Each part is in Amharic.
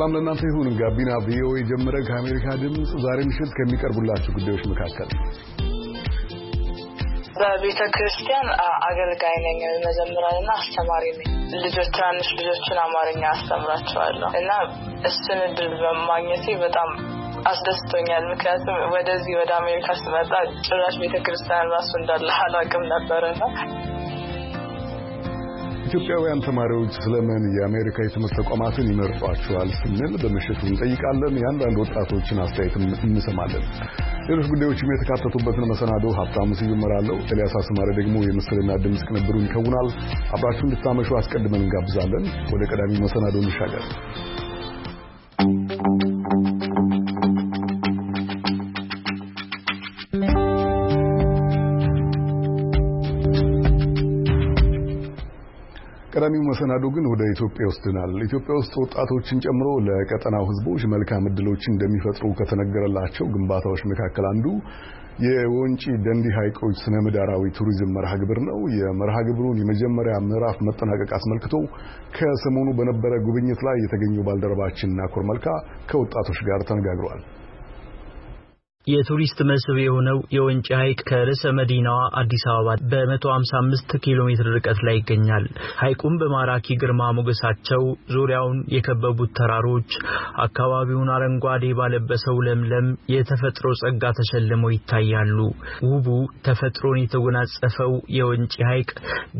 ሰላም ለእናንተ ይሁን። ጋቢና ቪኦኤ ጀመረ። ከአሜሪካ ድምፅ ዛሬ ምሽት ከሚቀርቡላችሁ ጉዳዮች መካከል በቤተ ክርስቲያን አገልጋይ ነኝ፣ መዘምራንና አስተማሪ ነኝ። ልጆች ትናንሽ ልጆችን አማርኛ አስተምራቸዋለሁ እና እሱን እድል በማግኘቴ በጣም አስደስቶኛል። ምክንያቱም ወደዚህ ወደ አሜሪካ ስመጣ ጭራሽ ቤተ ክርስቲያን ራሱ እንዳለ አላውቅም ነበርና ኢትዮጵያውያን ተማሪዎች ስለምን የአሜሪካ የትምህርት ተቋማትን ይመርጧቸዋል ስንል በምሽቱ እንጠይቃለን። የአንዳንድ ወጣቶችን አስተያየት እንሰማለን። ሌሎች ጉዳዮችም የተካተቱበትን መሰናዶ ሀብታሙ ስዩም እመራለሁ። ኤልያስ አስማሪ ደግሞ የምስልና ድምፅ ቅንብሩን ይከውናል። አብራችሁ እንድታመሹ አስቀድመን እንጋብዛለን። ወደ ቀዳሚ መሰናዶ እንሻገር። ቀዳሚው መሰናዶ ግን ወደ ኢትዮጵያ ይወስድናል። ኢትዮጵያ ውስጥ ወጣቶችን ጨምሮ ለቀጠናው ሕዝቦች መልካም እድሎች እንደሚፈጥሩ ከተነገረላቸው ግንባታዎች መካከል አንዱ የወንጪ ደንዲ ሐይቆች ስነ ምህዳራዊ ቱሪዝም መርሃ ግብር ነው። የመርሃ ግብሩን የመጀመሪያ ምዕራፍ መጠናቀቅ አስመልክቶ ከሰሞኑ በነበረ ጉብኝት ላይ የተገኘው ባልደረባችን ናኮር መልካ ከወጣቶች ጋር ተነጋግሯል። የቱሪስት መስህብ የሆነው የወንጪ ሐይቅ ከርዕሰ መዲናዋ አዲስ አበባ በ155 ኪሎ ሜትር ርቀት ላይ ይገኛል። ሐይቁም በማራኪ ግርማ ሞገሳቸው ዙሪያውን የከበቡት ተራሮች አካባቢውን አረንጓዴ ባለበሰው ለምለም የተፈጥሮ ጸጋ ተሸልመው ይታያሉ። ውቡ ተፈጥሮን የተጎናጸፈው የወንጪ ሐይቅ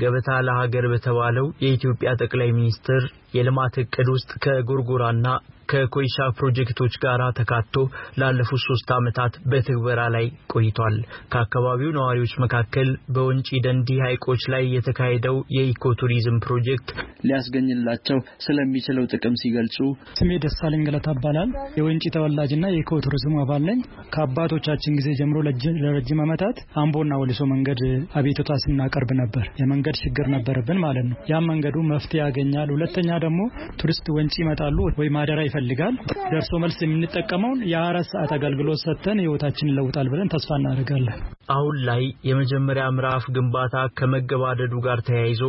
ገበታ ለሀገር በተባለው የኢትዮጵያ ጠቅላይ ሚኒስትር የልማት ዕቅድ ውስጥ ከጎርጎራና ከኮይሻ ፕሮጀክቶች ጋር ተካቶ ላለፉት ሶስት ዓመታት በትግበራ ላይ ቆይቷል። ከአካባቢው ነዋሪዎች መካከል በወንጪ ደንዲ ሐይቆች ላይ የተካሄደው የኢኮቱሪዝም ፕሮጀክት ሊያስገኝላቸው ስለሚችለው ጥቅም ሲገልጹ ስሜ ደሳለኝ ገለታ ይባላል። የወንጪ ተወላጅና የኢኮቱሪዝም አባል ነኝ። ከአባቶቻችን ጊዜ ጀምሮ ለረጅም ዓመታት አምቦና ወሊሶ መንገድ አቤቱታ ስናቀርብ ነበር። የመንገድ ችግር ነበረብን ማለት ነው። ያም መንገዱ መፍትሄ ያገኛል። ሁለተኛ ደግሞ ቱሪስት ወንጪ ይመጣሉ ወይ ማደራ ይፈልጋል። ደርሶ መልስ የምንጠቀመውን የአራት ሰዓት አገልግሎት ሰጥተን ህይወታችንን ለውጣል ብለን ተስፋ እናደርጋለን። አሁን ላይ የመጀመሪያ ምዕራፍ ግንባታ ከመገባደዱ ጋር ተያይዞ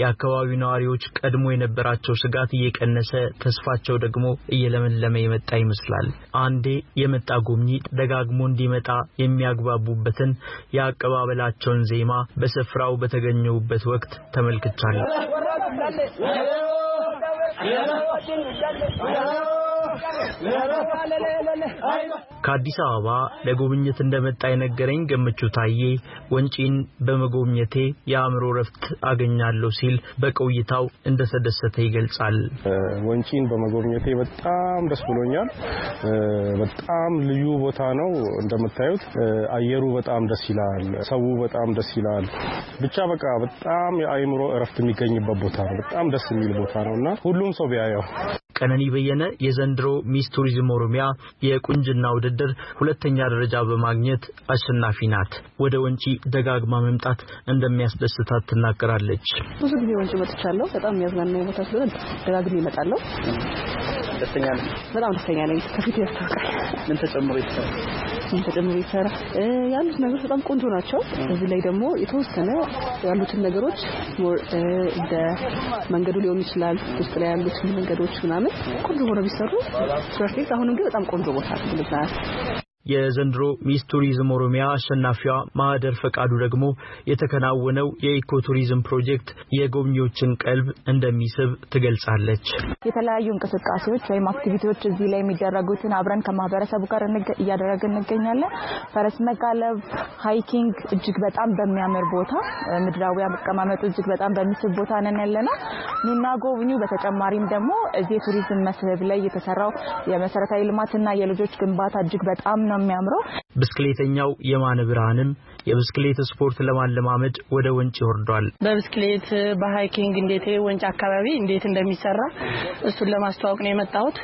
የአካባቢው ነዋሪዎች ቀድሞ የነበራቸው ስጋት እየቀነሰ ተስፋቸው ደግሞ እየለመለመ የመጣ ይመስላል። አንዴ የመጣ ጎብኚ ደጋግሞ እንዲመጣ የሚያግባቡበትን የአቀባበላቸውን ዜማ በስፍራው በተገኘሁበት ወቅት ተመልክቻለሁ። يا ከአዲስ አበባ ለጉብኝት እንደመጣ የነገረኝ ገመቹ ታዬ ወንጪን በመጎብኘቴ የአእምሮ ረፍት አገኛለሁ ሲል በቆይታው እንደተደሰተ ይገልጻል። ወንጪን በመጎብኘቴ በጣም ደስ ብሎኛል። በጣም ልዩ ቦታ ነው። እንደምታዩት አየሩ በጣም ደስ ይላል። ሰው በጣም ደስ ይላል። ብቻ በቃ በጣም የአእምሮ እረፍት የሚገኝበት ቦታ ነው። በጣም ደስ የሚል ቦታ ነው እና ሁሉም ሰው ቢያየው ቀነኒ በየነ የዘንድሮ ሚስ ቱሪዝም ኦሮሚያ የቁንጅና ውድድር ሁለተኛ ደረጃ በማግኘት አሸናፊ ናት። ወደ ወንጪ ደጋግማ መምጣት እንደሚያስደስታት ትናገራለች። ብዙ ጊዜ ወንጪ መጥቻለሁ። በጣም የሚያዝናናኝ ቦታ ስለሆነ ደጋግሜ እመጣለሁ። ደስተኛ ነኝ። በጣም ደስተኛ ነኝ። ከፊት ያስታውቃል። ምን ተጨምሮ ይተሳል እሱን ተጨምሮ ይሰራ ያሉት ነገሮች በጣም ቆንጆ ናቸው። እዚህ ላይ ደግሞ የተወሰነ ያሉትን ነገሮች እንደ መንገዱ ሊሆን ይችላል ውስጥ ላይ ያሉት መንገዶች ምናምን ቆንጆ ሆነው ቢሰሩ ስራርቴት አሁንም ግን በጣም ቆንጆ ቦታ ነው። የዘንድሮ ሚስ ቱሪዝም ኦሮሚያ አሸናፊዋ ማህደር ፈቃዱ ደግሞ የተከናወነው የኢኮ ቱሪዝም ፕሮጀክት የጎብኚዎችን ቀልብ እንደሚስብ ትገልጻለች። የተለያዩ እንቅስቃሴዎች ወይም አክቲቪቲዎች እዚህ ላይ የሚደረጉትን አብረን ከማህበረሰቡ ጋር እያደረግን እንገኛለን። ፈረስ መጋለብ፣ ሃይኪንግ እጅግ በጣም በሚያምር ቦታ ምድራዊ አቀማመጡ እጅግ በጣም በሚስብ ቦታ ነን ያለ ነው። ሚና ጎብኙ። በተጨማሪም ደግሞ እዚህ የቱሪዝም መስህብ ላይ የተሰራው የመሰረታዊ ልማትና የልጆች ግንባታ እጅግ በጣም ነው የሚያምረው። ብስክሌተኛው የማነ ብርሃንም የብስክሌት ስፖርት ለማለማመድ ወደ ወንጭ ወርዷል በብስክሌት በሃይኪንግ እንዴት ወንጭ አካባቢ እንዴት እንደሚሰራ እሱን ለማስተዋወቅ ነው የመጣሁት።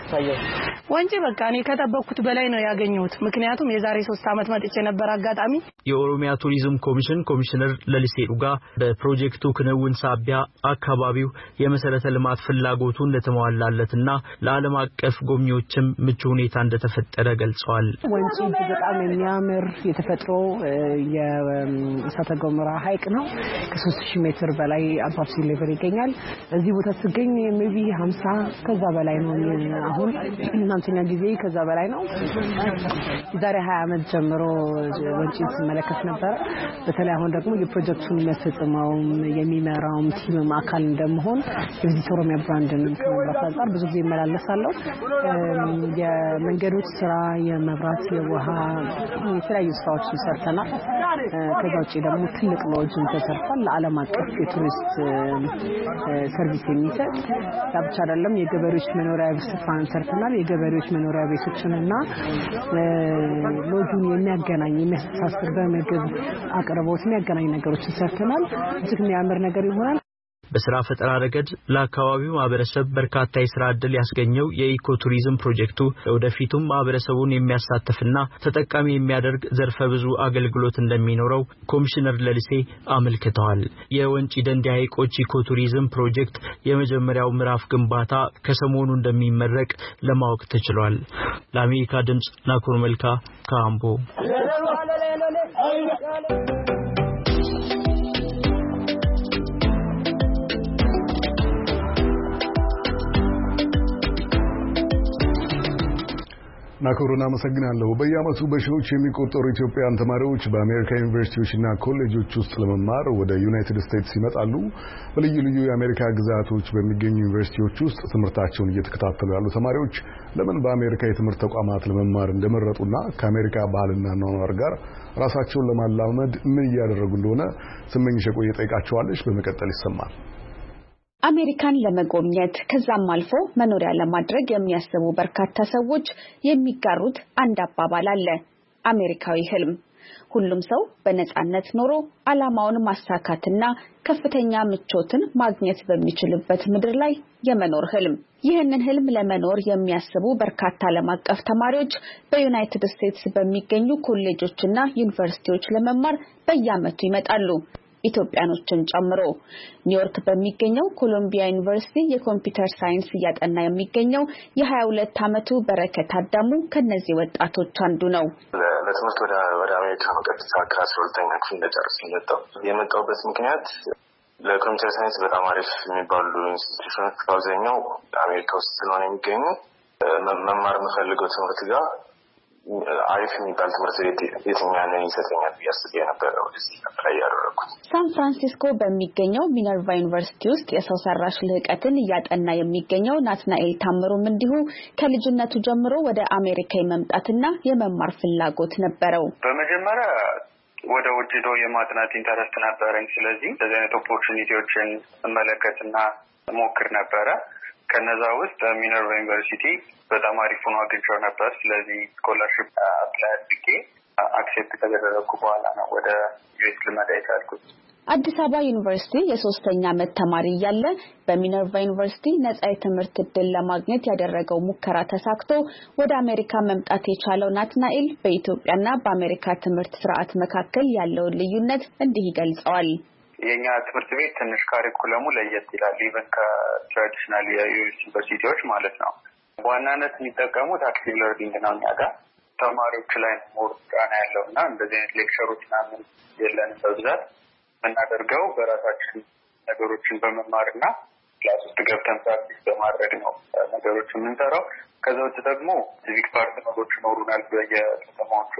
ወንጭ በቃ እኔ ከጠበቅኩት በላይ ነው ያገኘሁት። ምክንያቱም የዛሬ ሶስት ዓመት መጥቼ ነበር አጋጣሚ። የኦሮሚያ ቱሪዝም ኮሚሽን ኮሚሽነር ለሊሴ ዱጋ በፕሮጀክቱ ክንውን ሳቢያ አካባቢው የመሰረተ ልማት ፍላጎቱ እንደተሟላለትና ለዓለም አቀፍ ጎብኚዎችም ምቹ ሁኔታ እንደተፈጠረ ገልጸዋል። ወንጭ በጣም የሚያምር የተፈጥሮ የእሳተ ገሞራ ሀይቅ ነው። ከ3000 ሜትር በላይ አባብሲ ሌቨል ይገኛል። እዚህ ቦታ ስገኝ ሜቢ 50 ከዛ በላይ ነው። አሁን ሃምሳኛ ጊዜ ከዛ በላይ ነው። የዛሬ 20 ዓመት ጀምሮ ወንጪ ስመለከት ነበረ። በተለይ አሁን ደግሞ የፕሮጀክቱን የሚያስፈጽመውም የሚመራውም ቲምም አካል እንደመሆን የቪዚት ኦሮሚያ ብራንድን ከመምራት አንጻር ብዙ ጊዜ ይመላለሳለሁ። የመንገዶች ስራ፣ የመብራት፣ የውሃ የተለያዩ ስራዎችን ሰርተናል። ከዛ ውጭ ደግሞ ትልቅ ሎጅ ተሰርቷል። ለአለም አቀፍ የቱሪስት ሰርቪስ የሚሰጥ ያ ብቻ አይደለም። የገበሬዎች መኖሪያ ቤት ስፍራን ሰርተናል። የገበሬዎች መኖሪያ ቤቶችንና ሎጁን የሚያገናኝ የሚያስተሳስር በምግብ አቅርቦት የሚያገናኝ ነገሮችን ሰርተናል። እጅግ የሚያምር ነገር ይሆናል። በስራ ፈጠራ ረገድ ለአካባቢው ማህበረሰብ በርካታ የስራ ዕድል ያስገኘው የኢኮ ቱሪዝም ፕሮጀክቱ ለወደፊቱም ማህበረሰቡን የሚያሳትፍና ተጠቃሚ የሚያደርግ ዘርፈ ብዙ አገልግሎት እንደሚኖረው ኮሚሽነር ለልሴ አመልክተዋል። የወንጪ ደንዲ ሐይቆች ኢኮ ቱሪዝም ፕሮጀክት የመጀመሪያው ምዕራፍ ግንባታ ከሰሞኑ እንደሚመረቅ ለማወቅ ተችሏል። ለአሜሪካ ድምፅ ናኮር መልካ ከአምቦ ናኮርን አመሰግናለሁ። በየዓመቱ በሺዎች የሚቆጠሩ ኢትዮጵያውያን ተማሪዎች በአሜሪካ ዩኒቨርሲቲዎችና ኮሌጆች ውስጥ ለመማር ወደ ዩናይትድ ስቴትስ ይመጣሉ። በልዩ ልዩ የአሜሪካ ግዛቶች በሚገኙ ዩኒቨርሲቲዎች ውስጥ ትምህርታቸውን እየተከታተሉ ያሉ ተማሪዎች ለምን በአሜሪካ የትምህርት ተቋማት ለመማር እንደመረጡና ከአሜሪካ ባህልና ኗኗር ጋር ራሳቸውን ለማላመድ ምን እያደረጉ እንደሆነ ስመኝሽ የቆየ ጠይቃቸዋለች። በመቀጠል ይሰማል። አሜሪካን ለመጎብኘት ከዛም አልፎ መኖሪያ ለማድረግ የሚያስቡ በርካታ ሰዎች የሚጋሩት አንድ አባባል አለ፣ አሜሪካዊ ህልም። ሁሉም ሰው በነጻነት ኖሮ ዓላማውን ማሳካትና ከፍተኛ ምቾትን ማግኘት በሚችልበት ምድር ላይ የመኖር ህልም። ይህንን ህልም ለመኖር የሚያስቡ በርካታ ዓለም አቀፍ ተማሪዎች በዩናይትድ ስቴትስ በሚገኙ ኮሌጆችና ዩኒቨርሲቲዎች ለመማር በየዓመቱ ይመጣሉ። ኢትዮጵያኖችን ጨምሮ ኒውዮርክ በሚገኘው ኮሎምቢያ ዩኒቨርሲቲ የኮምፒውተር ሳይንስ እያጠና የሚገኘው የ22 ዓመቱ በረከት አዳሙ ከነዚህ ወጣቶች አንዱ ነው። ለትምህርት ወደ አሜሪካ በቀጥታ ከአስራ ሁለተኛ ክፍል እንደጨርስ መጣው የመጣውበት ምክንያት ለኮምፒተር ሳይንስ በጣም አሪፍ የሚባሉ ኢንስቲቱሽኖች በአብዛኛው አሜሪካ ውስጥ ስለሆነ የሚገኙ መማር የምፈልገው ትምህርት ጋር አሪፍ የሚባል ትምህርት ቤት የትኛንን ይሰጠኛል ብዬ አስቤ ነበር። ወደዚህ ላይ ያደረኩት ሳን ፍራንሲስኮ በሚገኘው ሚነርቫ ዩኒቨርሲቲ ውስጥ የሰው ሰራሽ ልህቀትን እያጠና የሚገኘው ናትናኤል ታምሩም እንዲሁ ከልጅነቱ ጀምሮ ወደ አሜሪካ የመምጣትና የመማር ፍላጎት ነበረው። በመጀመሪያ ወደ ውጭ ዶ የማጥናት ኢንተረስት ነበረኝ። ስለዚህ እንደዚህ አይነት ኦፖርቹኒቲዎችን እመለከትና ሞክር ነበረ ከነዛ ውስጥ ሚነርቫ ዩኒቨርሲቲ በጣም አሪፍ ሆኖ አግኝቼው ነበር። ስለዚህ ስኮላርሽፕ አፕላይ አድርጌ አክሴፕት ከተደረግኩ በኋላ ነው ወደ ዩኤስ ልመዳ የቻልኩት። አዲስ አበባ ዩኒቨርሲቲ የሶስተኛ ዓመት ተማሪ እያለ በሚነርቫ ዩኒቨርሲቲ ነጻ የትምህርት እድል ለማግኘት ያደረገው ሙከራ ተሳክቶ ወደ አሜሪካ መምጣት የቻለው ናትናኤል በኢትዮጵያና በአሜሪካ ትምህርት ስርዓት መካከል ያለውን ልዩነት እንዲህ ይገልጸዋል። የኛ ትምህርት ቤት ትንሽ ካሪኩለሙ ለየት ይላል። ኢቨን ከትራዲሽናል የዩኒቨርሲቲዎች ማለት ነው። በዋናነት የሚጠቀሙት አክቲቭ ለርኒንግ ነው። እኛ ጋር ተማሪዎች ላይ ሞር ጫና ያለው እና እንደዚህ አይነት ሌክቸሮች ምናምን የለንም። በብዛት የምናደርገው በራሳችን ነገሮችን በመማር እና ክላስ ውስጥ ገብተን ፕራክቲስ በማድረግ ነው ነገሮች የምንሰራው። ከዛ ውጭ ደግሞ ሲቪክ ፓርትነሮች ይኖሩናል በየከተማዎቹ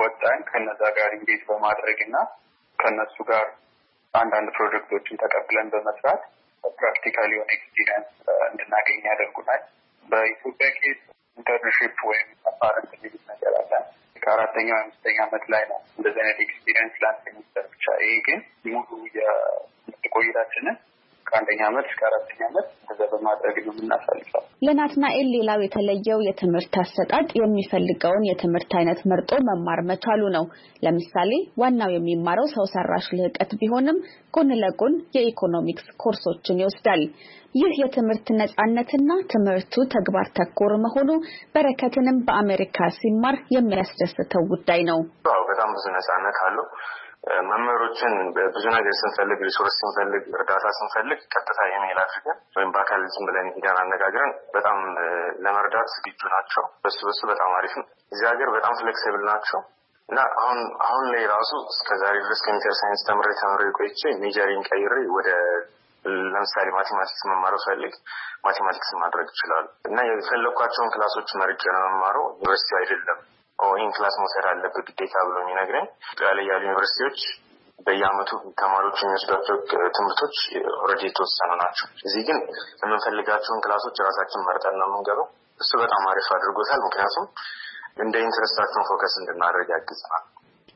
ወጣን ከነዛ ጋር እንዴት በማድረግ እና ከነሱ ጋር አንዳንድ ፕሮጀክቶችን ተቀብለን በመስራት ፕራክቲካል የሆነ ኤክስፒሪንስ uh, እንድናገኝ ያደርጉናል። በኢትዮጵያ ኬዝ ኢንተርንሽፕ ወይም አፓረንት የሚሉት ነገር አለ። ከአራተኛው አምስተኛ አመት ላይ ነው እንደዚህ አይነት ኤክስፒሪንስ ለአንድ የሚሰጥ ብቻ። ይሄ ግን ሙሉ የምትቆይታችንን ከአንደኛ ዓመት እስከ አራተኛ አመት እንደዛ በማድረግ ነው የምናሳልፈው። ለናትናኤል ሌላው የተለየው የትምህርት አሰጣጥ የሚፈልገውን የትምህርት አይነት መርጦ መማር መቻሉ ነው። ለምሳሌ ዋናው የሚማረው ሰው ሰራሽ ልህቀት ቢሆንም ጎን ለጎን የኢኮኖሚክስ ኮርሶችን ይወስዳል። ይህ የትምህርት ነጻነትና ትምህርቱ ተግባር ተኮር መሆኑ በረከትንም በአሜሪካ ሲማር የሚያስደስተው ጉዳይ ነው። በጣም ብዙ ነጻነት አለው። መምህሮችን ብዙ ነገር ስንፈልግ፣ ሪሶርስ ስንፈልግ፣ እርዳታ ስንፈልግ ቀጥታ ኢሜይል አድርገን ወይም በአካል ዝም ብለን ሂደን አነጋግረን በጣም ለመርዳት ዝግጁ ናቸው። በሱ በሱ በጣም አሪፍ ነው። እዚህ ሀገር በጣም ፍሌክሲብል ናቸው እና አሁን አሁን ላይ ራሱ እስከ ዛሬ ድረስ ኮምፒተር ሳይንስ ተምሬ ተምሬ ቆይቼ ሜጀሪን ቀይሬ ወደ ለምሳሌ ማቴማቲክስ መማረው ፈልግ ማቴማቲክስ ማድረግ ይችላሉ እና የፈለግኳቸውን ክላሶች መርጬ ለመማረው ዩኒቨርሲቲ አይደለም ይህን ክላስ መውሰድ አለበት ግዴታ ብሎ የሚነግረን ላይ ያሉ ዩኒቨርሲቲዎች በየአመቱ ተማሪዎች የሚወስዷቸው ትምህርቶች ኦልሬዲ የተወሰኑ ናቸው። እዚህ ግን የምንፈልጋቸውን ክላሶች ራሳችን መርጠን ነው የምንገባው። እሱ በጣም አሪፍ አድርጎታል። ምክንያቱም እንደ ኢንትረስታቸውን ፎከስ እንድናደርግ ያግዝናል።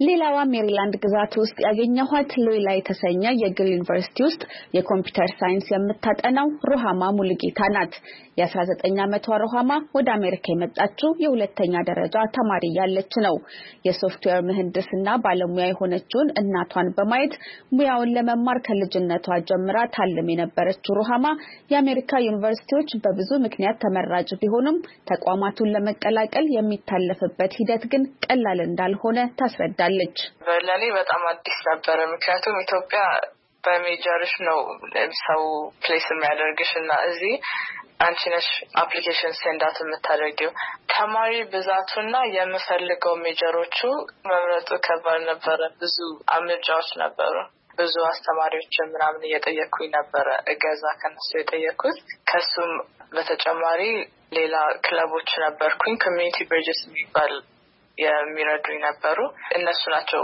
ሌላዋ ሜሪላንድ ግዛት ውስጥ ያገኘኋት ሎይላ የተሰኘ የግል ዩኒቨርሲቲ ውስጥ የኮምፒውተር ሳይንስ የምታጠናው ሮሃማ ሙሉጌታ ናት። የ19 ዓመቷ ሮሃማ ወደ አሜሪካ የመጣችው የሁለተኛ ደረጃ ተማሪ ያለች ነው። የሶፍትዌር ምህንድስና ባለሙያ የሆነችውን እናቷን በማየት ሙያውን ለመማር ከልጅነቷ ጀምራ ታልም የነበረችው ሮሃማ የአሜሪካ ዩኒቨርሲቲዎች በብዙ ምክንያት ተመራጭ ቢሆኑም ተቋማቱን ለመቀላቀል የሚታለፍበት ሂደት ግን ቀላል እንዳልሆነ ታስረዳል። ትላለች። ለእኔ በጣም አዲስ ነበረ። ምክንያቱም ኢትዮጵያ በሜጀርሽ ነው ሰው ፕሌስ የሚያደርግሽ እና እዚህ አንቺ ነሽ አፕሊኬሽን ሴንዳት የምታደርጊው። ተማሪ ብዛቱና የምፈልገው ሜጀሮቹ መምረጡ ከባድ ነበረ። ብዙ አምርጫዎች ነበሩ። ብዙ አስተማሪዎች ምናምን እየጠየቅኩኝ ነበረ እገዛ ከነሱ የጠየቅኩት። ከሱም በተጨማሪ ሌላ ክለቦች ነበርኩኝ። ኮሚኒቲ ብሪጅስ የሚባል የሚረዱኝ ነበሩ። እነሱ ናቸው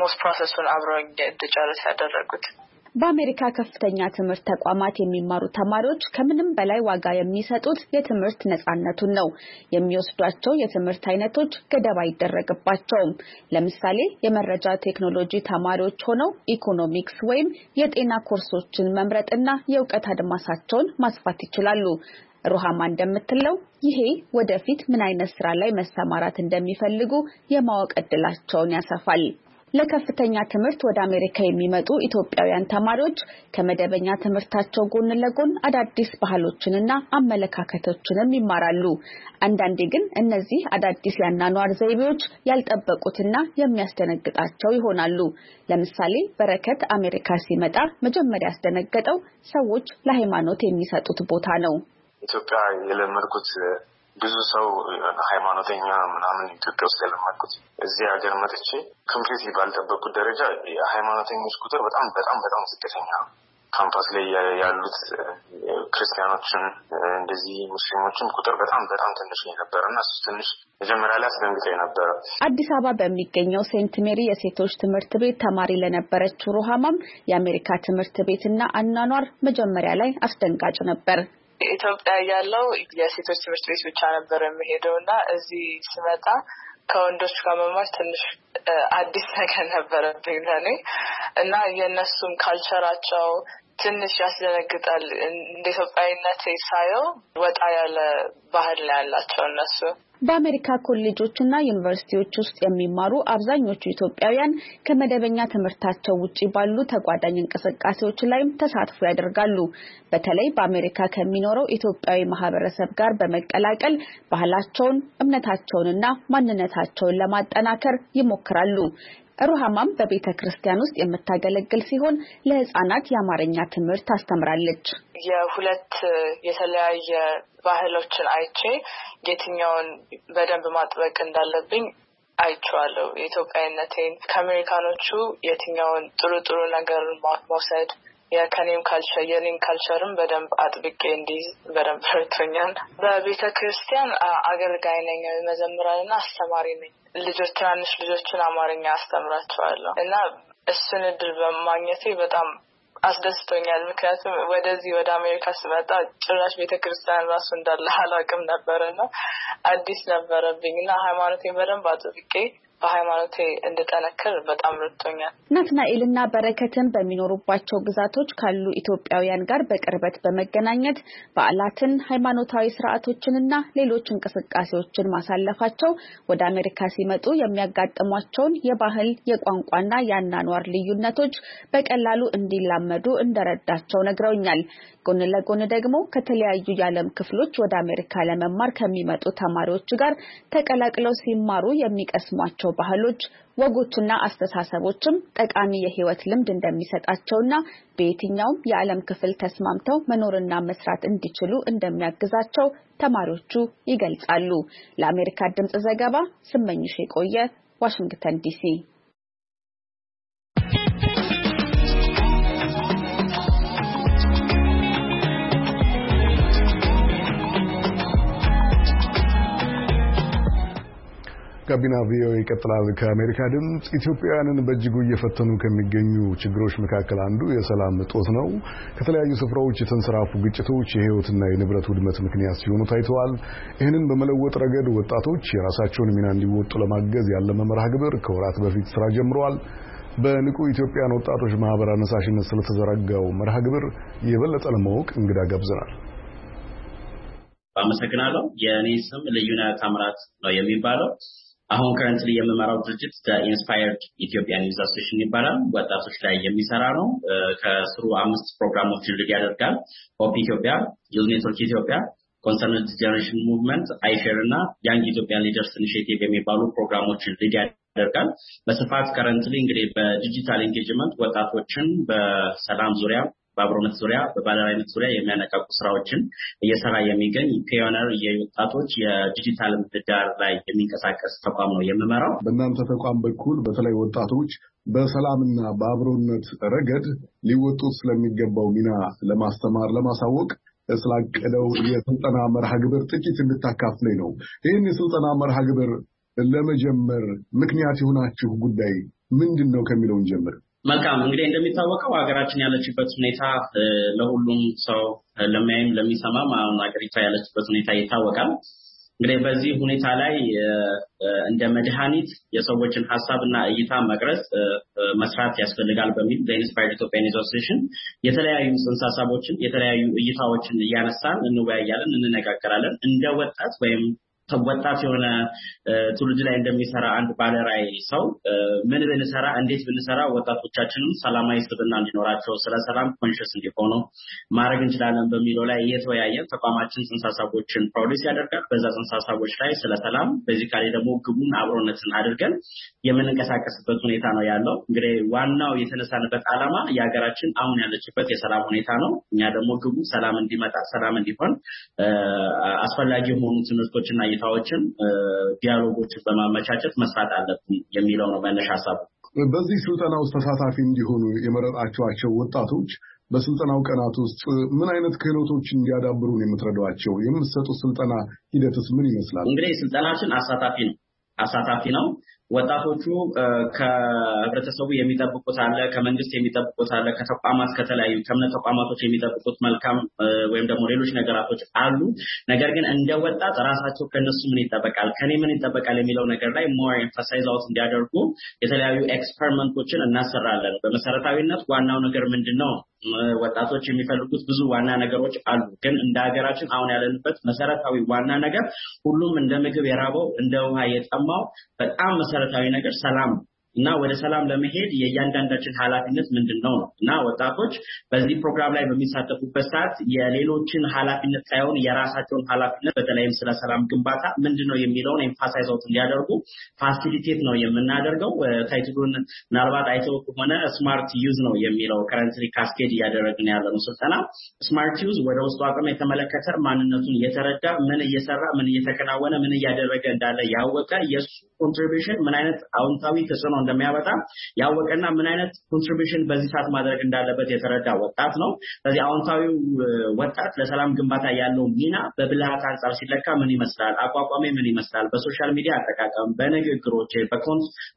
ሞስ ፕሮሰሱን አብረው እንድጨርስ ያደረጉት። በአሜሪካ ከፍተኛ ትምህርት ተቋማት የሚማሩ ተማሪዎች ከምንም በላይ ዋጋ የሚሰጡት የትምህርት ነጻነቱን ነው። የሚወስዷቸው የትምህርት አይነቶች ገደብ አይደረግባቸውም። ለምሳሌ የመረጃ ቴክኖሎጂ ተማሪዎች ሆነው ኢኮኖሚክስ ወይም የጤና ኮርሶችን መምረጥና የእውቀት አድማሳቸውን ማስፋት ይችላሉ። ሩሃማ እንደምትለው ይሄ ወደፊት ምን አይነት ስራ ላይ መሰማራት እንደሚፈልጉ የማወቅ እድላቸውን ያሰፋል። ለከፍተኛ ትምህርት ወደ አሜሪካ የሚመጡ ኢትዮጵያውያን ተማሪዎች ከመደበኛ ትምህርታቸው ጎን ለጎን አዳዲስ ባህሎችንና አመለካከቶችንም ይማራሉ። አንዳንዴ ግን እነዚህ አዳዲስ የአኗኗር ዘይቤዎች ያልጠበቁትና የሚያስደነግጣቸው ይሆናሉ። ለምሳሌ በረከት አሜሪካ ሲመጣ መጀመሪያ ያስደነገጠው ሰዎች ለሃይማኖት የሚሰጡት ቦታ ነው። ኢትዮጵያ የለመድኩት ብዙ ሰው ሃይማኖተኛ ምናምን ኢትዮጵያ ውስጥ የለመድኩት እዚህ ሀገር መጥቼ ኮምፕሊት ባልጠበቁት ደረጃ የሃይማኖተኞች ቁጥር በጣም በጣም በጣም ዝቅተኛ ካምፓስ ላይ ያሉት ክርስቲያኖችን እንደዚህ ሙስሊሞችን ቁጥር በጣም በጣም ትንሽ ነበረ እና እሱ ትንሽ መጀመሪያ ላይ አስደንግጦ ነበረ። አዲስ አበባ በሚገኘው ሴንት ሜሪ የሴቶች ትምህርት ቤት ተማሪ ለነበረችው ሩሃማም የአሜሪካ ትምህርት ቤትና አኗኗር መጀመሪያ ላይ አስደንጋጭ ነበር። ኢትዮጵያ ያለው የሴቶች ትምህርት ቤት ብቻ ነበር የሚሄደው እና እዚህ ስመጣ ከወንዶች ጋር መማር ትንሽ አዲስ ነገር ነበረብኝ ለኔ እና የእነሱም ካልቸራቸው ትንሽ ያስደነግጣል። እንደ ኢትዮጵያዊነት ሳየው ወጣ ያለ ባህል ላይ ያላቸው እነሱ በአሜሪካ ኮሌጆችና ዩኒቨርሲቲዎች ውስጥ የሚማሩ አብዛኞቹ ኢትዮጵያውያን ከመደበኛ ትምህርታቸው ውጪ ባሉ ተጓዳኝ እንቅስቃሴዎች ላይም ተሳትፎ ያደርጋሉ። በተለይ በአሜሪካ ከሚኖረው ኢትዮጵያዊ ማህበረሰብ ጋር በመቀላቀል ባህላቸውን፣ እምነታቸውንና ማንነታቸውን ለማጠናከር ይሞክራሉ። ሩሃማም በቤተ ክርስቲያን ውስጥ የምታገለግል ሲሆን ለህጻናት የአማርኛ ትምህርት ታስተምራለች። የሁለት የተለያየ ባህሎችን አይቼ የትኛውን በደንብ ማጥበቅ እንዳለብኝ አይቼዋለሁ። የኢትዮጵያዊነቴን ከአሜሪካኖቹ የትኛውን ጥሩ ጥሩ ነገር መውሰድ የከኔም ካልቸር የኔም ካልቸርም በደንብ አጥብቄ እንዲይዝ በደንብ ረድቶኛል። በቤተ ክርስቲያን አገልጋይ ነኝ፣ መዘምራንና አስተማሪ ነኝ። ልጆች ትናንሽ ልጆችን አማርኛ አስተምራቸዋለሁ እና እሱን እድል በማግኘቴ በጣም አስደስቶኛል። ምክንያቱም ወደዚህ ወደ አሜሪካ ስመጣ ጭራሽ ቤተ ክርስቲያን ራሱ እንዳለ አላውቅም ነበረ እና አዲስ ነበረብኝ እና ሃይማኖቴን በደንብ አጥብቄ በሃይማኖቴ እንድጠነክር በጣም ረድቶኛል። ናትናኤልና በረከትን በሚኖሩባቸው ግዛቶች ካሉ ኢትዮጵያውያን ጋር በቅርበት በመገናኘት በዓላትን፣ ሃይማኖታዊ ስርዓቶችንና ሌሎች እንቅስቃሴዎችን ማሳለፋቸው ወደ አሜሪካ ሲመጡ የሚያጋጥሟቸውን የባህል የቋንቋና የአናኗር ልዩነቶች በቀላሉ እንዲላመዱ እንደረዳቸው ነግረውኛል። ጎን ለጎን ደግሞ ከተለያዩ የዓለም ክፍሎች ወደ አሜሪካ ለመማር ከሚመጡ ተማሪዎች ጋር ተቀላቅለው ሲማሩ የሚቀስሟቸው ያላቸው ባህሎች ወጎችና አስተሳሰቦችም ጠቃሚ የህይወት ልምድ እንደሚሰጣቸውና በየትኛውም የዓለም ክፍል ተስማምተው መኖርና መስራት እንዲችሉ እንደሚያግዛቸው ተማሪዎቹ ይገልጻሉ። ለአሜሪካ ድምፅ ዘገባ ስመኝሽ የቆየ ዋሽንግተን ዲሲ ጋቢና ቪኦኤ ይቀጥላል። ከአሜሪካ ድምፅ ኢትዮጵያውያንን በእጅጉ እየፈተኑ ከሚገኙ ችግሮች መካከል አንዱ የሰላም እጦት ነው። ከተለያዩ ስፍራዎች የተንሰራፉ ግጭቶች የሕይወትና የንብረት ውድመት ምክንያት ሲሆኑ ታይተዋል። ይህንን በመለወጥ ረገድ ወጣቶች የራሳቸውን ሚና እንዲወጡ ለማገዝ ያለመ መርሃ ግብር ከወራት በፊት ስራ ጀምረዋል። በንቁ ኢትዮጵያን ወጣቶች ማህበር አነሳሽነት ስለተዘረጋው መርሃ ግብር የበለጠ ለማወቅ እንግዳ ጋብዘናል። አመሰግናለሁ። የእኔ ስም ልዩነት አምራት ነው የሚባለው። አሁን ከረንትሊ የምመራው ድርጅት ኢንስፓየርድ ኢትዮጵያ ኒውዝ አሶሴሽን ይባላል። ወጣቶች ላይ የሚሰራ ነው። ከስሩ አምስት ፕሮግራሞችን ልድ ያደርጋል። ሆፕ ኢትዮጵያ፣ ዩዝ ኔትወርክ ኢትዮጵያ፣ ኮንሰርንድ ጀኔሬሽን ሙቭመንት፣ አይሼር እና ያንግ ኢትዮጵያን ሊደርስ ኢኒሽቲቭ የሚባሉ ፕሮግራሞችን ልድ ያደርጋል። በስፋት ከረንትሊ እንግዲህ በዲጂታል ኢንጌጅመንት ወጣቶችን በሰላም ዙሪያ በአብሮነት ዙሪያ በባለራይነት ዙሪያ የሚያነቃቁ ስራዎችን እየሰራ የሚገኝ ፒዮነር የወጣቶች የዲጂታል ምህዳር ላይ የሚንቀሳቀስ ተቋም ነው የምመራው። በእናንተ ተቋም በኩል በተለይ ወጣቶች በሰላምና በአብሮነት ረገድ ሊወጡት ስለሚገባው ሚና ለማስተማር፣ ለማሳወቅ ስላቀደው የስልጠና መርሃ ግብር ጥቂት እንድታካፍለኝ ነው። ይህን የስልጠና መርሃ ግብር ለመጀመር ምክንያት የሆናችሁ ጉዳይ ምንድን ነው ከሚለውን ጀምር። መልካም እንግዲህ እንደሚታወቀው ሀገራችን ያለችበት ሁኔታ ለሁሉም ሰው ለሚያይም ለሚሰማም አሁን ሀገሪቷ ያለችበት ሁኔታ ይታወቃል። እንግዲህ በዚህ ሁኔታ ላይ እንደ መድኃኒት የሰዎችን ሀሳብ እና እይታ መቅረጽ መስራት ያስፈልጋል በሚል ዘኢንስፓየርድ ኢትዮጵያን አሶሲዬሽን የተለያዩ ጽንሰ ሀሳቦችን የተለያዩ እይታዎችን እያነሳን እንወያያለን፣ እንነጋገራለን። እንደ ወጣት ወይም ወጣት የሆነ ትውልድ ላይ እንደሚሰራ አንድ ባለራይ ሰው ምን ብንሰራ እንዴት ብንሰራ ወጣቶቻችንም ሰላማዊ ስብና እንዲኖራቸው ስለ ሰላም ኮንሽስ እንዲሆኑ ማድረግ እንችላለን በሚለው ላይ እየተወያየን ተቋማችን ጽንሰ ሀሳቦችን ፕሮዲስ ያደርጋል። በዛ ጽንሰ ሀሳቦች ላይ ስለ ሰላም በዚህ ካሌ ደግሞ ግቡን አብሮነትን አድርገን የምንንቀሳቀስበት ሁኔታ ነው ያለው። እንግዲህ ዋናው የተነሳንበት አላማ የሀገራችን አሁን ያለችበት የሰላም ሁኔታ ነው። እኛ ደግሞ ግቡ ሰላም እንዲመጣ ሰላም እንዲሆን አስፈላጊ የሆኑ ትምህርቶችና ሁኔታዎችን ዲያሎጎችን በማመቻቸት መስራት አለብን የሚለው ነው መነሻ ሀሳቡ። በዚህ ስልጠና ውስጥ ተሳታፊ እንዲሆኑ የመረጣቸዋቸው ወጣቶች በስልጠናው ቀናት ውስጥ ምን አይነት ክህሎቶች እንዲያዳብሩ ነው የምትረዷቸው? የምትሰጡት ስልጠና ሂደትስ ምን ይመስላል? እንግዲህ ስልጠናችን አሳታፊ ነው አሳታፊ ነው። ወጣቶቹ ከህብረተሰቡ የሚጠብቁት አለ፣ ከመንግስት የሚጠብቁት አለ፣ ከተቋማት ከተለያዩ ከእምነት ተቋማቶች የሚጠብቁት መልካም ወይም ደግሞ ሌሎች ነገራቶች አሉ። ነገር ግን እንደ ወጣት ራሳቸው ከነሱ ምን ይጠበቃል፣ ከኔ ምን ይጠበቃል የሚለው ነገር ላይ ሞር ኤንፋሳይዝ አውት እንዲያደርጉ የተለያዩ ኤክስፐሪመንቶችን እናሰራለን። በመሰረታዊነት ዋናው ነገር ምንድን ነው? ወጣቶች የሚፈልጉት ብዙ ዋና ነገሮች አሉ። ግን እንደ ሀገራችን አሁን ያለንበት መሰረታዊ ዋና ነገር ሁሉም እንደ ምግብ የራበው እንደ ውሃ የጠማው በጣም መሰረ sallallahu alaihi salam. እና ወደ ሰላም ለመሄድ የእያንዳንዳችን ኃላፊነት ምንድን ነው ነው እና ወጣቶች በዚህ ፕሮግራም ላይ በሚሳተፉበት ሰዓት የሌሎችን ኃላፊነት ሳይሆን የራሳቸውን ኃላፊነት በተለይም ስለ ሰላም ግንባታ ምንድን ነው የሚለውን ኤምፋሳይዘውት እንዲያደርጉ ፋሲሊቴት ነው የምናደርገው። ታይትሉን ምናልባት አይተው ከሆነ ስማርት ዩዝ ነው የሚለው ከረንትሪ ካስኬድ እያደረግን ያለነው ስልጠና ስማርት ዩዝ ወደ ውስጡ አቅም የተመለከተ ማንነቱን እየተረዳ ምን እየሰራ ምን እየተከናወነ ምን እያደረገ እንዳለ ያወቀ የእሱ ኮንትሪቢሽን ምን አይነት አውንታዊ ተጽዕኖ እንደሚያመጣ ያወቀና ምን አይነት ኮንትሪቢሽን በዚህ ሰዓት ማድረግ እንዳለበት የተረዳ ወጣት ነው። ስለዚህ አዎንታዊው ወጣት ለሰላም ግንባታ ያለው ሚና በብልሃት አንጻር ሲለካ ምን ይመስላል? አቋቋሚ ምን ይመስላል? በሶሻል ሚዲያ አጠቃቀም፣ በንግግሮቼ፣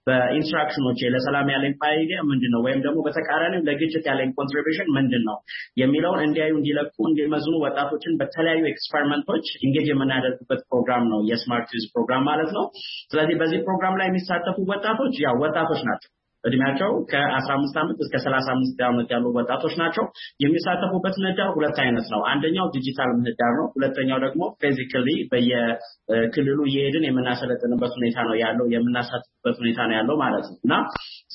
በኢንስትራክሽኖቼ ለሰላም ያለኝ ፋይዳ ምንድን ነው? ወይም ደግሞ በተቃራኒው ለግጭት ያለኝ ኮንትሪቢሽን ምንድን ነው የሚለውን እንዲያዩ፣ እንዲለቁ፣ እንዲመዝኑ ወጣቶችን በተለያዩ ኤክስፐሪመንቶች ኢንጌጅ የምናደርግበት ፕሮግራም ነው የስማርት ዩዝ ፕሮግራም ማለት ነው። ስለዚህ በዚህ ፕሮግራም ላይ የሚሳተፉ ወጣቶች ያው ወጣቶች ናቸው። እድሜያቸው ከ15 ዓመት እስከ 35 ዓመት ያሉ ወጣቶች ናቸው። የሚሳተፉበት ምህዳር ሁለት አይነት ነው። አንደኛው ዲጂታል ምህዳር ነው። ሁለተኛው ደግሞ ፊዚካሊ በየክልሉ እየሄድን የምናሰለጥንበት ሁኔታ ነው ያለው የምናሳትፍበት ሁኔታ ነው ያለው ማለት ነው እና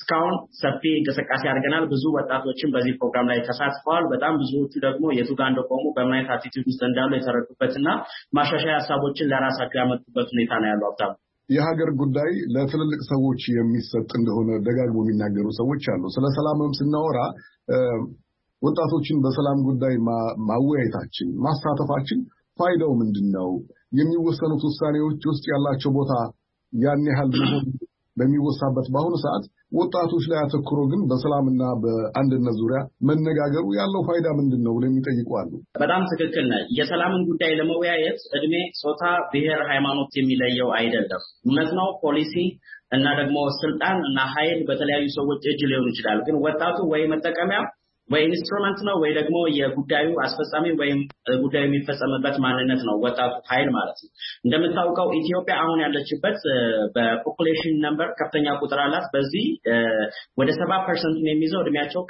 እስካሁን ሰፊ እንቅስቃሴ አድርገናል። ብዙ ወጣቶችን በዚህ ፕሮግራም ላይ ተሳትፈዋል። በጣም ብዙዎቹ ደግሞ የቱ ጋር እንደቆሙ በምን አይነት ውስጥ እንዳሉ እና ማሻሻያ ሀሳቦችን ለራሳቸው ያመጡበት ሁኔታ ነው ያለው አብታሙ የሀገር ጉዳይ ለትልልቅ ሰዎች የሚሰጥ እንደሆነ ደጋግሞ የሚናገሩ ሰዎች አሉ። ስለ ሰላምም ስናወራ ወጣቶችን በሰላም ጉዳይ ማወያየታችን፣ ማሳተፋችን ፋይዳው ምንድን ነው? የሚወሰኑት ውሳኔዎች ውስጥ ያላቸው ቦታ ያን ያህል በሚወሳበት በአሁኑ ሰዓት ወጣቶች ላይ አተኩሮ ግን በሰላምና በአንድነት ዙሪያ መነጋገሩ ያለው ፋይዳ ምንድን ነው ብለው የሚጠይቁ አሉ። በጣም ትክክል ነህ። የሰላምን ጉዳይ ለመወያየት እድሜ፣ ጾታ፣ ብሔር፣ ሃይማኖት የሚለየው አይደለም። እውነት ነው ፖሊሲ እና ደግሞ ስልጣን እና ኃይል በተለያዩ ሰዎች እጅ ሊሆን ይችላል። ግን ወጣቱ ወይ መጠቀሚያ ወይ ኢንስትሩመንት ነው ወይ ደግሞ የጉዳዩ አስፈጻሚ ወይም ጉዳዩ የሚፈጸምበት ማንነት ነው ወጣቱ ኃይል ማለት ነው። እንደምታውቀው ኢትዮጵያ አሁን ያለችበት በፖፑሌሽን ነምበር ከፍተኛ ቁጥር አላት። በዚህ ወደ ሰባ ፐርሰንት የሚይዘው እድሜያቸው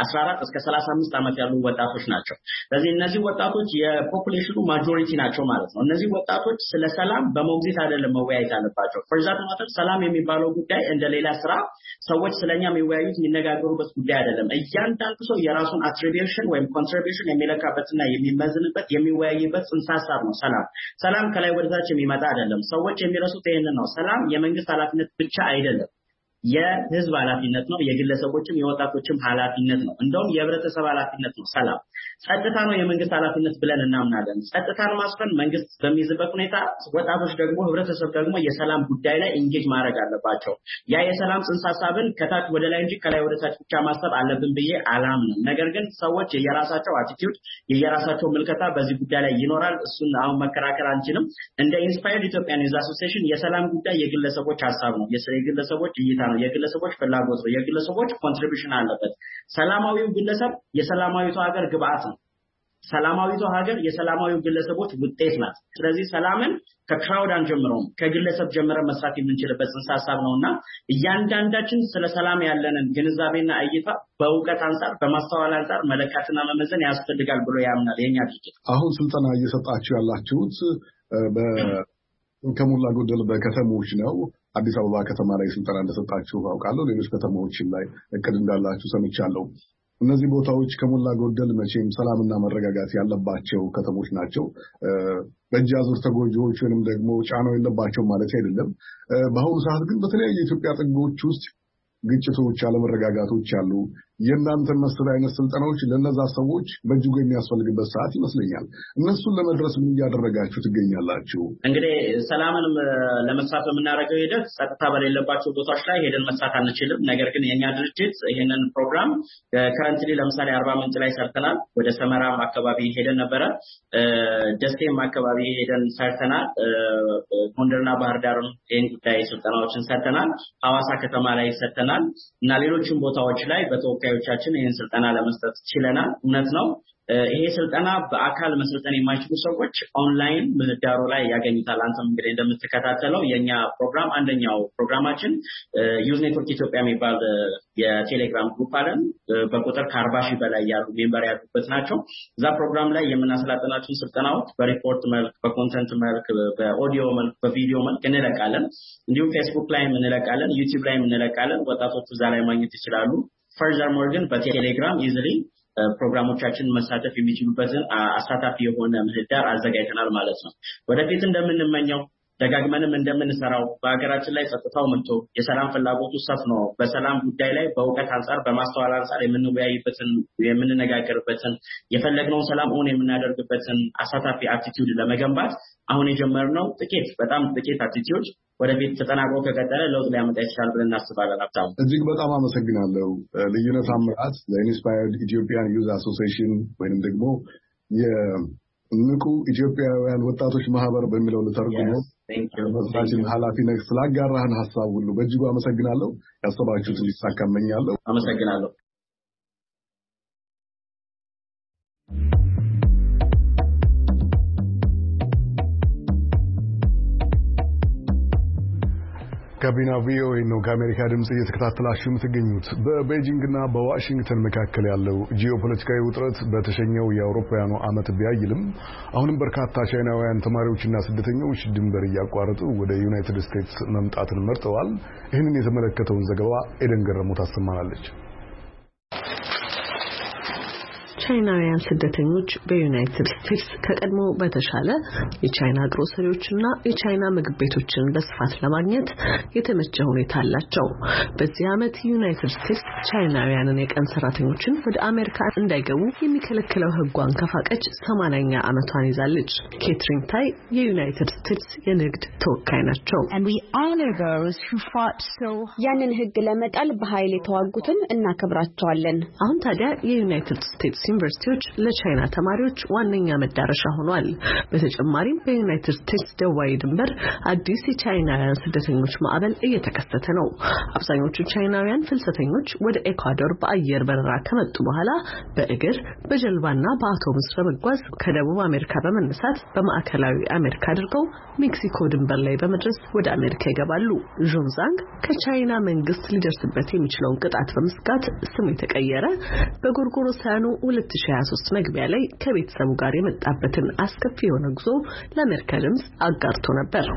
14 እስከ 35 ዓመት ያሉ ወጣቶች ናቸው። ስለዚህ እነዚህ ወጣቶች የፖፑሌሽኑ ማጆሪቲ ናቸው ማለት ነው። እነዚህ ወጣቶች ስለ ሰላም በሞግዚት አይደለም መወያየት አለባቸው። ፎርዛት ማተር ሰላም የሚባለው ጉዳይ እንደ ሌላ ስራ ሰዎች ስለኛ የሚወያዩት የሚነጋገሩበት ጉዳይ አይደለም። እያንዳንዱ ሰው የራሱን አትሪቢሽን ወይም ኮንትሪቢሽን የሚለካበትና የሚመዝንበት የሚወያይበት ጽንሰ ሀሳብ ነው ሰላም። ሰላም ከላይ ወደታች የሚመጣ አይደለም። ሰዎች የሚረሱት ይህንን ነው። ሰላም የመንግስት ኃላፊነት ብቻ አይደለም። የህዝብ ኃላፊነት ነው። የግለሰቦችም የወጣቶችም ኃላፊነት ነው። እንደውም የህብረተሰብ ኃላፊነት ነው ሰላም ጸጥታ ነው የመንግስት ኃላፊነት ብለን እናምናለን። ጸጥታን ማስፈን መንግስት በሚይዝበት ሁኔታ ወጣቶች ደግሞ ህብረተሰብ ደግሞ የሰላም ጉዳይ ላይ እንጌጅ ማድረግ አለባቸው። ያ የሰላም ጽንሰ ሀሳብን ከታች ወደ ላይ እንጂ ከላይ ወደ ታች ብቻ ማሰብ አለብን ብዬ አላምንም። ነገር ግን ሰዎች የየራሳቸው አቲቲዩድ የየራሳቸው ምልከታ በዚህ ጉዳይ ላይ ይኖራል። እሱን አሁን መከራከር አንችልም። እንደ ኢንስፓየርድ ኢትዮጵያን ዩዝ አሶሲሽን የሰላም ጉዳይ የግለሰቦች ሀሳብ ነው፣ የግለሰቦች እይታ ነው፣ የግለሰቦች ፍላጎት ነው፣ የግለሰቦች ኮንትሪቢሽን አለበት። ሰላማዊው ግለሰብ የሰላማዊቱ ሀገር ግብአ ስርዓት ነው። ሰላማዊቷ ሀገር የሰላማዊ ግለሰቦች ውጤት ናት። ስለዚህ ሰላምን ከክራውድ አንጀምረውም፣ ከግለሰብ ጀምረን መስራት የምንችልበት ጽንሰ ሀሳብ ነው እና እያንዳንዳችን ስለ ሰላም ያለንን ግንዛቤና እይታ በእውቀት አንጻር፣ በማስተዋል አንጻር መለካትና መመዘን ያስፈልጋል ብሎ ያምናል የኛ ድርጅት። አሁን ስልጠና እየሰጣችሁ ያላችሁት ከሞላ ጎደል በከተሞች ነው። አዲስ አበባ ከተማ ላይ ስልጠና እንደሰጣችሁ አውቃለሁ። ሌሎች ከተማዎችን ላይ እቅድ እንዳላችሁ ሰምቻለሁ። እነዚህ ቦታዎች ከሞላ ጎደል መቼም ሰላምና መረጋጋት ያለባቸው ከተሞች ናቸው። በእጅ አዙር ተጎጂዎች ወይንም ደግሞ ጫናው የለባቸው ማለት አይደለም። በአሁኑ ሰዓት ግን በተለያዩ የኢትዮጵያ ጥጎች ውስጥ ግጭቶች፣ አለመረጋጋቶች አሉ። የእናንተን መሰል አይነት ስልጠናዎች ለነዛ ሰዎች በእጅጉ የሚያስፈልግበት ሰዓት ይመስለኛል። እነሱን ለመድረስ ምን እያደረጋችሁ ትገኛላችሁ? እንግዲህ ሰላምን ለመስራት በምናደርገው ሂደት ጸጥታ በሌለባቸው ቦታዎች ላይ ሄደን መስራት አንችልም። ነገር ግን የእኛ ድርጅት ይህንን ፕሮግራም ከረንትሊ ለምሳሌ አርባ ምንጭ ላይ ሰርተናል። ወደ ሰመራም አካባቢ ሄደን ነበረ። ደሴም አካባቢ ሄደን ሰርተናል። ጎንደርና ባህር ዳርም ይህን ጉዳይ ስልጠናዎችን ሰርተናል። ሐዋሳ ከተማ ላይ ሰርተናል እና ሌሎችም ቦታዎች ላይ በተወካይ ተወካዮቻችን ይህን ስልጠና ለመስጠት ችለናል። እውነት ነው። ይሄ ስልጠና በአካል መስልጠን የማይችሉ ሰዎች ኦንላይን ምህዳሩ ላይ ያገኙታል። አንተም እንግዲህ እንደምትከታተለው የኛ ፕሮግራም አንደኛው ፕሮግራማችን ዩዝ ኔትወርክ ኢትዮጵያ የሚባል የቴሌግራም ግሩፕ አለን። በቁጥር ከአርባ ሺህ በላይ ያሉ ሜምበር ያሉበት ናቸው። እዛ ፕሮግራም ላይ የምናሰላጠናቸውን ስልጠናዎች በሪፖርት መልክ፣ በኮንተንት መልክ፣ በኦዲዮ መልክ፣ በቪዲዮ መልክ እንለቃለን። እንዲሁም ፌስቡክ ላይም እንለቃለን፣ ዩቲብ ላይም እንለቃለን። ወጣቶቹ እዛ ላይ ማግኘት ይችላሉ። ፈርዘርሞር ግን በቴሌግራም ኢዝሊ uh, ፕሮግራሞቻችን መሳተፍ የሚችሉበትን uh, አሳታፊ የሆነ ምህዳር አዘጋጅተናል ማለት ነው። ወደፊት እንደምንመኘው ደጋግመንም እንደምንሰራው በሀገራችን ላይ ጸጥታው መጥቶ የሰላም ፍላጎቱ ሰፍኖ በሰላም ጉዳይ ላይ በእውቀት አንጻር በማስተዋል አንጻር የምንወያይበትን የምንነጋገርበትን የፈለግነውን ሰላም እውን የምናደርግበትን አሳታፊ አቲቲዩድ ለመገንባት አሁን የጀመርነው ጥቂት በጣም ጥቂት አቲቲዩድ ወደፊት ተጠናቆ ከቀጠለ ለውጥ ሊያመጣ ይችላል ብለን እናስባለን። ሀብታሙ እጅግ በጣም አመሰግናለሁ። ልዩነት አምራት ለኢንስፓየርድ ኢትዮጵያን ዩዝ አሶሲሽን ወይንም ደግሞ የንቁ ኢትዮጵያውያን ወጣቶች ማህበር በሚለው ልተርጉሞ መስራችን ኃላፊ ነህ ስላጋራህን ሀሳብ ሁሉ በእጅጉ አመሰግናለሁ። ያሰባችሁት እንዲሳካ እመኛለሁ። አመሰግናለሁ። ጋቢና ቪኦኤ ነው ከአሜሪካ ድምፅ እየተከታተላችሁ የምትገኙት። በቤጂንግና በዋሽንግተን መካከል ያለው ጂኦፖለቲካዊ ውጥረት በተሸኘው የአውሮፓውያኑ ዓመት ቢያይልም አሁንም በርካታ ቻይናውያን ተማሪዎችና ስደተኞች ድንበር እያቋረጡ ወደ ዩናይትድ ስቴትስ መምጣትን መርጠዋል። ይህንን የተመለከተውን ዘገባ ኤደን ገረሙ ታሰማናለች። ቻይናውያን ስደተኞች በዩናይትድ ስቴትስ ከቀድሞ በተሻለ የቻይና ግሮሰሪዎችና የቻይና ምግብ ቤቶችን በስፋት ለማግኘት የተመቸ ሁኔታ አላቸው። በዚህ ዓመት ዩናይትድ ስቴትስ ቻይናውያንን የቀን ሰራተኞችን ወደ አሜሪካ እንዳይገቡ የሚከለክለው ሕጓን ከፋቀች ሰማንያኛ ዓመቷን ይዛለች። ኬትሪን ታይ የዩናይትድ ስቴትስ የንግድ ተወካይ ናቸው። ያንን ሕግ ለመጣል በኃይል የተዋጉትን እናከብራቸዋለን። አሁን ታዲያ የዩናይትድ ስቴትስ ዩኒቨርሲቲዎች ለቻይና ተማሪዎች ዋነኛ መዳረሻ ሆኗል። በተጨማሪም በዩናይትድ ስቴትስ ደቡባዊ ድንበር አዲስ የቻይናውያን ስደተኞች ማዕበል እየተከሰተ ነው። አብዛኞቹ ቻይናውያን ፍልሰተኞች ወደ ኤኳዶር በአየር በረራ ከመጡ በኋላ በእግር በጀልባና በአውቶቡስ በመጓዝ ከደቡብ አሜሪካ በመነሳት በማዕከላዊ አሜሪካ አድርገው ሜክሲኮ ድንበር ላይ በመድረስ ወደ አሜሪካ ይገባሉ። ዦንዛንግ ከቻይና መንግስት ሊደርስበት የሚችለውን ቅጣት በመስጋት ስሙ የተቀየረ በጎርጎሮሳውያኑ 2023 መግቢያ ላይ ከቤተሰቡ ጋር የመጣበትን አስከፊ የሆነ ጉዞ ለአሜሪካ ድምፅ አጋርቶ ነበር።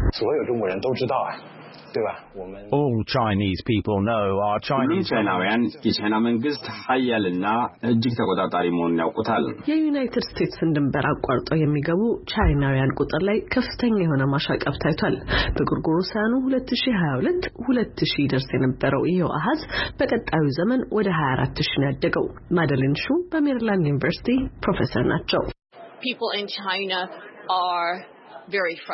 对吧？我们 All Chinese people know our Chinese. ቻይናውያን የቻይና መንግስት ሀያልና እጅግ ተቆጣጣሪ መሆኑን ያውቁታል። የዩናይትድ ስቴትስን ድንበር አቋርጠው የሚገቡ ቻይናውያን ቁጥር ላይ ከፍተኛ የሆነ ማሻቀብ ታይቷል። በጎርጎሮሳውያኑ 2022 2000 ደርስ የነበረው ይኸው አሃዝ በቀጣዩ ዘመን ወደ 24 ነው ያደገው። ማደሊን ሹ በሜሪላንድ ዩኒቨርሲቲ ፕሮፌሰር ናቸው። People in China are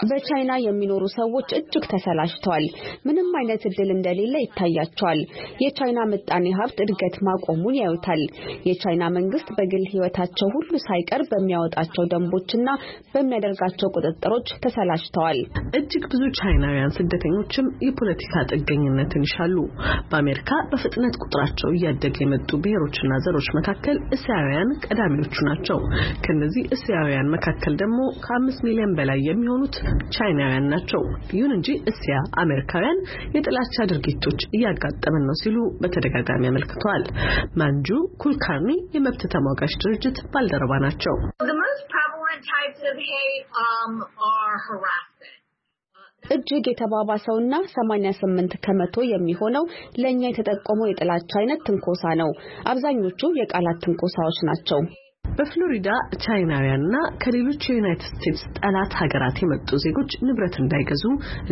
በቻይና የሚኖሩ ሰዎች እጅግ ተሰላችተዋል። ምንም አይነት እድል እንደሌለ ይታያቸዋል። የቻይና ምጣኔ ሀብት እድገት ማቆሙን ያዩታል። የቻይና መንግስት በግል ህይወታቸው ሁሉ ሳይቀር በሚያወጣቸው ደንቦችና በሚያደርጋቸው ቁጥጥሮች ተሰላችተዋል። እጅግ ብዙ ቻይናውያን ስደተኞችም የፖለቲካ ጥገኝነትን ይሻሉ። በአሜሪካ በፍጥነት ቁጥራቸው እያደገ የመጡ ብሔሮችና ዘሮች መካከል እስያውያን ቀዳሚዎቹ ናቸው። ከነዚህ እስያውያን መካከል ደግሞ ከአምስት ሚሊዮን በላይ የሚሆኑት ቻይናውያን ናቸው። ይሁን እንጂ እስያ አሜሪካውያን የጥላቻ ድርጊቶች እያጋጠመን ነው ሲሉ በተደጋጋሚ አመልክተዋል። ማንጁ ኩልካርኒ የመብት ተሟጋች ድርጅት ባልደረባ ናቸው። um, እጅግ የተባባሰውና 88 ከመቶ የሚሆነው ለእኛ የተጠቆመው የጥላቻ አይነት ትንኮሳ ነው። አብዛኞቹ የቃላት ትንኮሳዎች ናቸው። በፍሎሪዳ ቻይናውያንና ከሌሎች የዩናይትድ ስቴትስ ጠላት ሀገራት የመጡ ዜጎች ንብረት እንዳይገዙ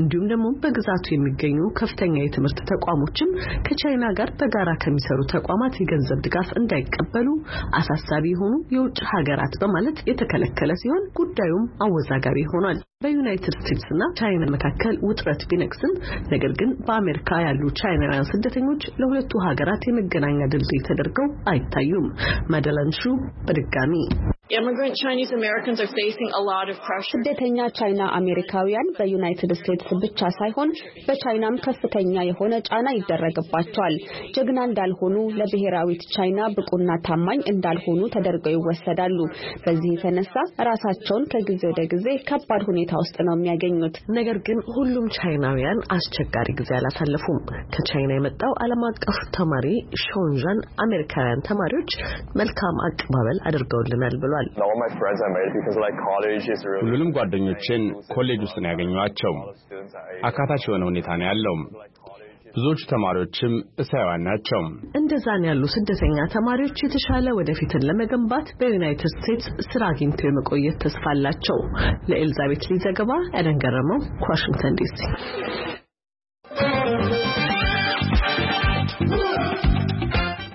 እንዲሁም ደግሞ በግዛቱ የሚገኙ ከፍተኛ የትምህርት ተቋሞችም ከቻይና ጋር በጋራ ከሚሰሩ ተቋማት የገንዘብ ድጋፍ እንዳይቀበሉ አሳሳቢ የሆኑ የውጭ ሀገራት በማለት የተከለከለ ሲሆን ጉዳዩም አወዛጋቢ ሆኗል። በዩናይትድ ስቴትስና ቻይና መካከል ውጥረት ቢነግስም ነገር ግን በአሜሪካ ያሉ ቻይናውያን ስደተኞች ለሁለቱ ሀገራት የመገናኛ ድልድይ ተደርገው አይታዩም። ማደላንሹ camino. ስደተኛ ቻይና አሜሪካውያን በዩናይትድ ስቴትስ ብቻ ሳይሆን በቻይናም ከፍተኛ የሆነ ጫና ይደረግባቸዋል። ጀግና እንዳልሆኑ፣ ለብሔራዊት ቻይና ብቁና ታማኝ እንዳልሆኑ ተደርገው ይወሰዳሉ። በዚህ የተነሳ ራሳቸውን ከጊዜ ወደ ጊዜ ከባድ ሁኔታ ውስጥ ነው የሚያገኙት። ነገር ግን ሁሉም ቻይናውያን አስቸጋሪ ጊዜ አላሳለፉም። ከቻይና የመጣው ዓለም አቀፍ ተማሪ ሾንዣን አሜሪካውያን ተማሪዎች መልካም አቀባበል አድርገውልናል ብሏል። ይገርማል። ሁሉንም ጓደኞቼን ኮሌጅ ውስጥ ነው ያገኘኋቸው። አካታች የሆነ ሁኔታ ነው ያለው። ብዙዎቹ ተማሪዎችም እስያውያን ናቸው። እንደዛን ያሉ ስደተኛ ተማሪዎች የተሻለ ወደፊትን ለመገንባት በዩናይትድ ስቴትስ ስራ አግኝተው የመቆየት ተስፋ አላቸው። ለኤልዛቤት ሊ ዘገባ ያደን ገረመው ከዋሽንግተን ዲሲ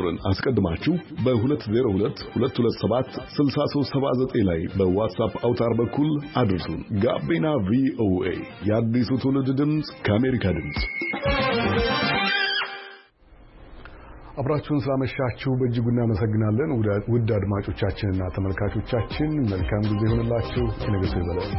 ቁጥርን አስቀድማችሁ በ2022276379 ላይ በዋትሳፕ አውታር በኩል አድርሱን። ጋቢና ቪኦኤ የአዲሱ ትውልድ ድምፅ ከአሜሪካ ድምፅ አብራችሁን ስላመሻችሁ በእጅጉ እናመሰግናለን። ውድ አድማጮቻችንና ተመልካቾቻችን መልካም ጊዜ ይሆንላችሁ። የነገሰ ይበላል።